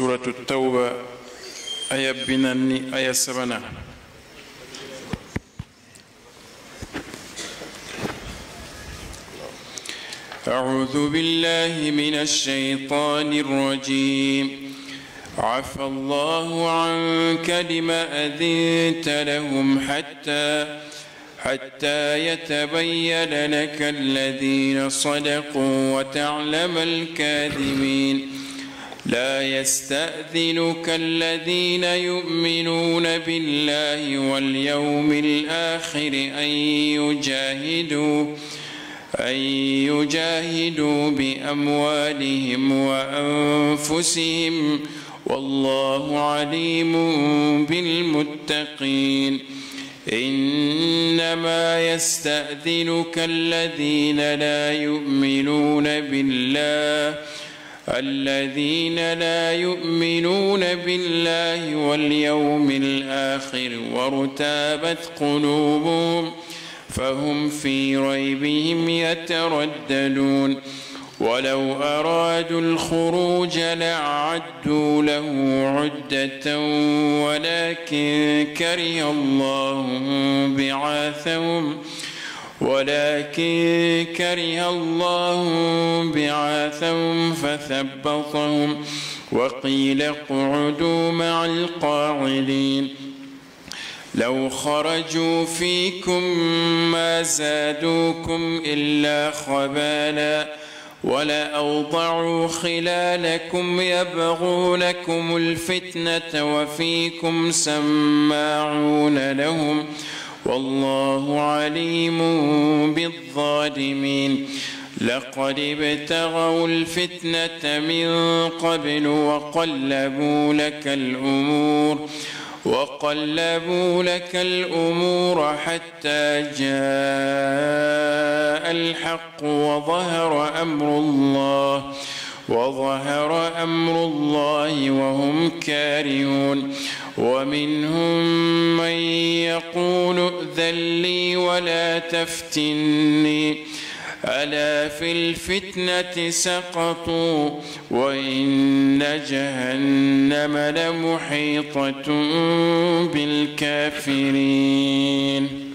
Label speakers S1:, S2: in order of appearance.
S1: سورة التوبة آية بنني آية سبنا أعوذ بالله من الشيطان الرجيم عفى الله عنك لما أذنت لهم حتى حتى يتبين لك الذين صدقوا وتعلم الكاذبين لا يستأذنك الذين يؤمنون بالله واليوم الآخر أن يجاهدوا أن يجاهدوا بأموالهم وأنفسهم والله عليم بالمتقين إنما يستأذنك الذين لا يؤمنون بالله الذين لا يؤمنون بالله واليوم الآخر وارتابت قلوبهم فهم في ريبهم يترددون ولو أرادوا الخروج لعدوا له عدة ولكن كره الله بعاثهم ۖ ولكن كره الله بعاثهم فثبطهم وقيل اقعدوا مع القاعدين لو خرجوا فيكم ما زادوكم إلا خبالا ولأوضعوا خلالكم يبغونكم الفتنة وفيكم سماعون لهم ۖ والله عليم بالظالمين لقد ابتغوا الفتنة من قبل وقلبوا لك الأمور وقلبوا لك الأمور حتى جاء الحق وظهر أمر الله وظهر أمر الله وهم كارهون ومنهم من يقول ائذن لي ولا تفتني ألا في الفتنة سقطوا وإن جهنم لمحيطة بالكافرين